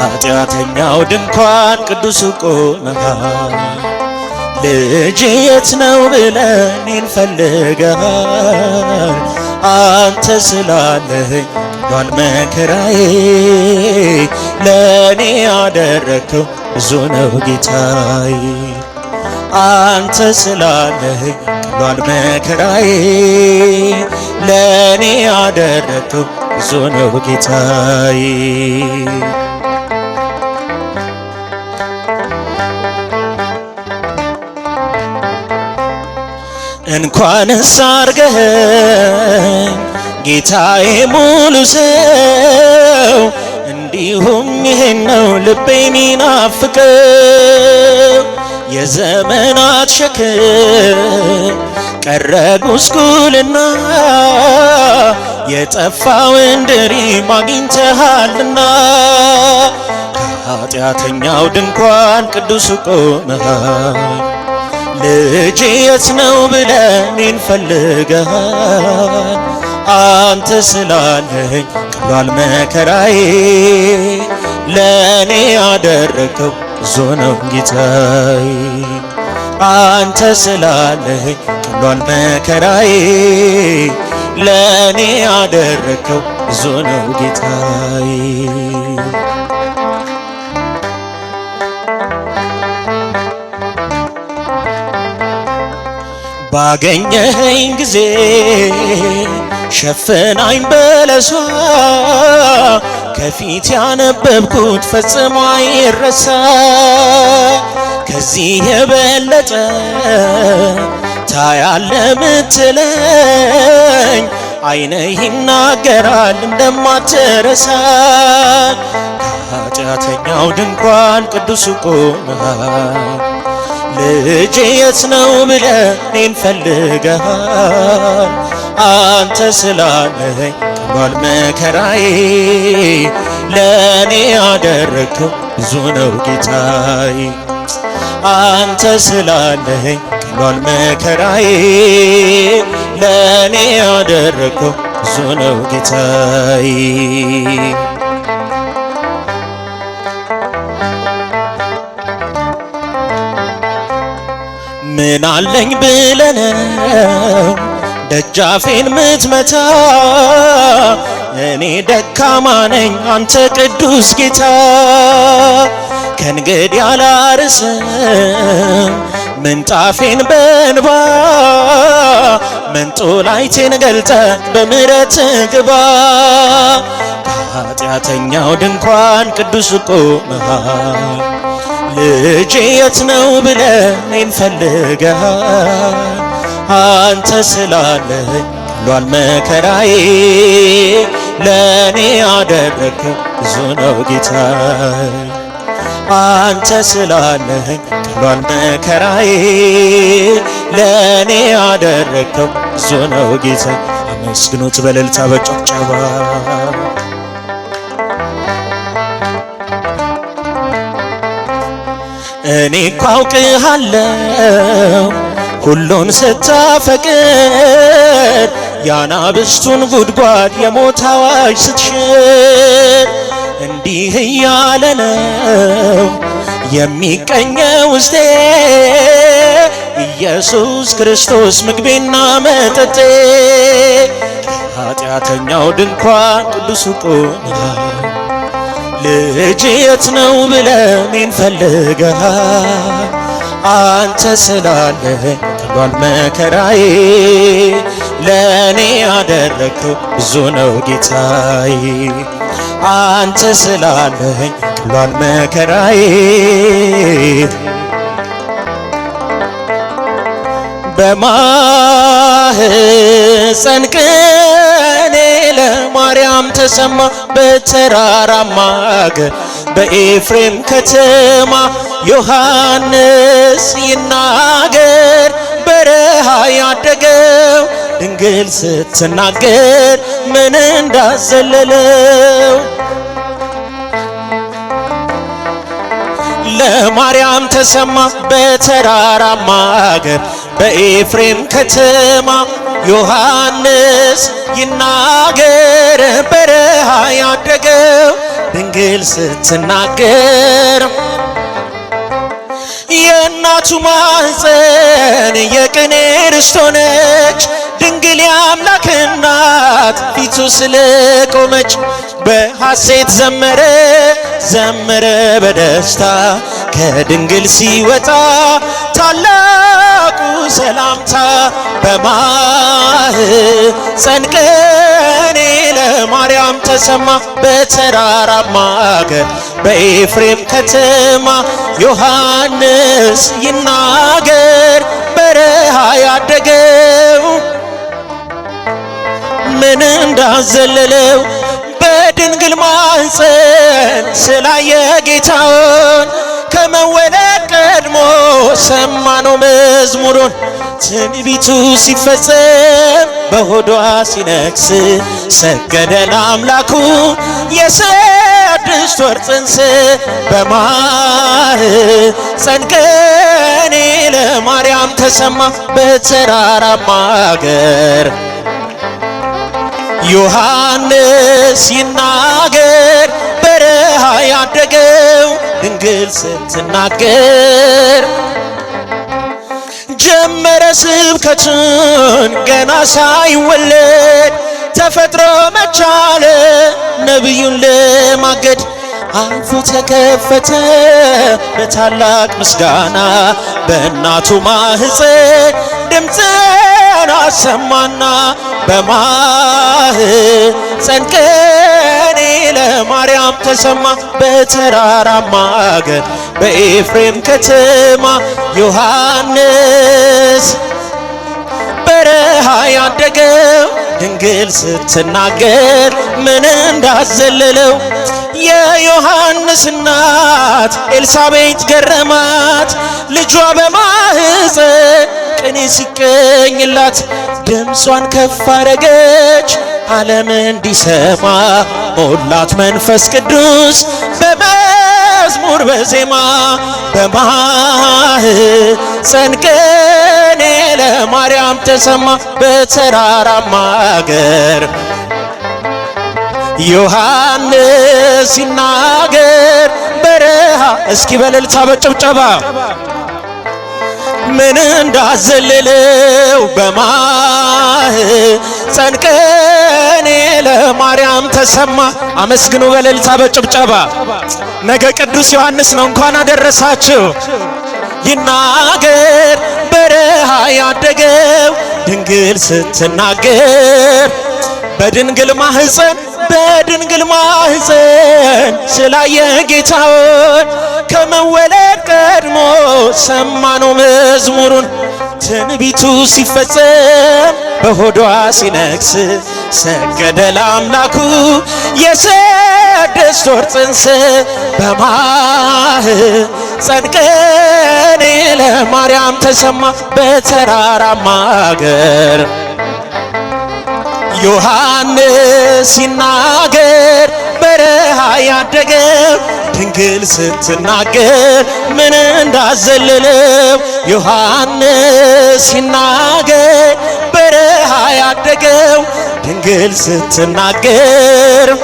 ኃጢአተኛው ድንኳን ቅዱስ ቆመሃል። ልጅ የት ነው ብለህ እኔን አንተ ስላለኝ ዷል መከራዬ ለእኔ ያደረግከው ብዙ ነው ጌታዬ። አንተ ስላለኝ ቀሏል መከራዬ ለእኔ ያደረግከው ብዙ ነው ጌታዬ። እንኳንስ አርገኸኝ ጌታዬ ሙሉ ሰው እንዲሁም ይህን ነው ልቤን ናፍቀው የዘመናት ሸክም ቀረ ጉስቁልና የጠፋውን ድሪ ማግኝተሃልና ኃጢአተኛው ድንኳን ቅዱስ ቆመሃል። ልጅ የት ነው ብለን እንፈልገሃል። አንተ ስላለኝ ቀሏል መከራዬ፣ ለእኔ ያደረገው ብዙ ነው ጌታዬ። አንተ ስላለኝ ቀሏል መከራዬ፣ ለእኔ ያደረገው ብዙ ነው ጌታዬ። ባገኘኸኝ ጊዜ ሸፍናኝ በለሷ ከፊት ያነበብኩት ፈጽሞ አይረሳ። ከዚህ የበለጠ ታያለ ምትለኝ አይነ ይናገራል እንደማትረሳ። ከኃጢአተኛው ድንኳን ቅዱስ ቆመሃል ልጅ የት ነው ብለ እኔን ፈልገሃል አንተ ስላለኝ ከባል መከራዬ ለእኔ ያደረግከው ብዙ ነው ጌታዬ አንተ ስላለኝ ከባል መከራዬ ለእኔ ያደረግከው ብዙ ነው ጌታዬ ምን አለኝ ብለነው ደጃፌን ምትመታ እኔ ደካማ ነኝ አንተ ቅዱስ ጌታ ከእንግዲህ አላርስም ምንጣፌን በእንባ መንጦላይቴን ገልጠ በምሕረት ግባ ኃጢአተኛው ድንኳን ቅዱስ ቆመሃል። ልጅ የት ነው ብለ እኔን ፈልገሃል። አንተ ስላለኝ ሏል መከራዬ ለእኔ አደረክ ብዙ ነው ጌታ አንተ ስላለኝ ቀሏል መከራዬ ለእኔ አደረከው ብዙ ነው ጌታ። አመስግኑት በእልልታ በጭብጨባ እኔ እኮ ሁሉን ስታፈቅድ የአናብስቱን ጉድጓድ የሞት አዋጅ ስትሽር እንዲህ እያለ ነው የሚቀኘው ውስጤ ኢየሱስ ክርስቶስ ምግቤና መጠጤ ኃጢአተኛው ድንኳን ቅዱሱ ቆመናል ልጅ የት ነው ብለህ እኔን አንተ ስላለ ከብዷል መከራዬ ለእኔ ያደረግከው ብዙ ነው ጌታዬ አንተ ስላለኝ ብሏል መከራዬ በማህፀን ቀኔ ማርያም ተሰማ በተራራማ አገር በኤፍሬም ከተማ ዮሐንስ ይናገር በረሃ ያደገው ድንግል ስትናገር ምን እንዳዘለለው ለማርያም ተሰማ በተራራማ አገር በኤፍሬም ከተማ ዮሐንስ ይናገር በረሃ ያደገው ድንግል ስትናገር የእናቱ ማሕፀን የቅኔ ርስቶ ነች። ድንግል የአምላክ እናት ፊቱ ስለቆመች በሐሴት ዘመረ ዘመረ በደስታ ከድንግል ሲወጣ ታላቁ ሰላምታ በማኅፀን ቅኔ ለማርያም ተሰማ። በተራራማ አገር በኤፍሬም ከተማ ዮሐንስ ይናገር በረሃ ያደገው ምን እንዳዘለለው በድንግል ማኅፀን ስላየ ጌታውን ከመወለድ ቀድሞ ሰማነው መዝሙሩን ትንቢቱ ሲፈጸም በሆዷ ሲነግስ ሰገደ ለአምላኩ የስድስት ወር ጽንስ በማህፀን ቀኔ ለማርያም ተሰማ በተራራማ አገር ዮሐንስ ይናገር በረሃ ያደገ ድንግል ስትናገር ጀመረ ስብከትን ገና ሳይወለድ ተፈጥሮ መቻለ ነቢዩን ለማገድ አፉ ተከፈተ በታላቅ ምስጋና በእናቱ ማህፀን ድምፅን አሰማና ጸንቀ ለማርያም ተሰማ በተራራማ አገር በኤፍሬም ከተማ ዮሐንስ በረሃ ያደገው ድንግል ስትናገር ምን እንዳዘለለው የዮሐንስ እናት ኤልሳቤት ገረማት። ልጇ በማህፀ ቅኔ ሲቀኝላት ድምጿን ከፍ አረገች። ዓለም እንዲሰማ ሞላት መንፈስ ቅዱስ በመዝሙር በዜማ በማህ ቅኔ ለማርያም ተሰማ በተራራማ አገር ዮሐንስ ሲናገር በረሃ እስኪ በለልታ በጨብጨባ ምን እንዳዘለለው በማህፀን ኃይለ ማርያም ተሰማ። አመስግኑ በሌልታ በጭብጨባ። ነገ ቅዱስ ዮሐንስ ነው። እንኳን አደረሳችሁ። ይናገር በረሃ ያደገው ድንግል ስትናገር በድንግል ማህፀን በድንግል ማህፀን ስላየ ጌታውን ከመወለድ ቀድሞ ሰማነው መዝሙሩን ትንቢቱ ሲፈጸም በሆዷ ሲነግስ ሰገደ ለአምላኩ የስድስት ወር ጽንስ በማኅፀን ቀን ለማርያም ተሰማ በተራራማ አገር ዮሐንስ ሲናገር ያደገ ድንግል ስትናገር ምን እንዳዘለለው ዮሐንስ ሲናገር በረሃ ያደገው ድንግል ስትናገር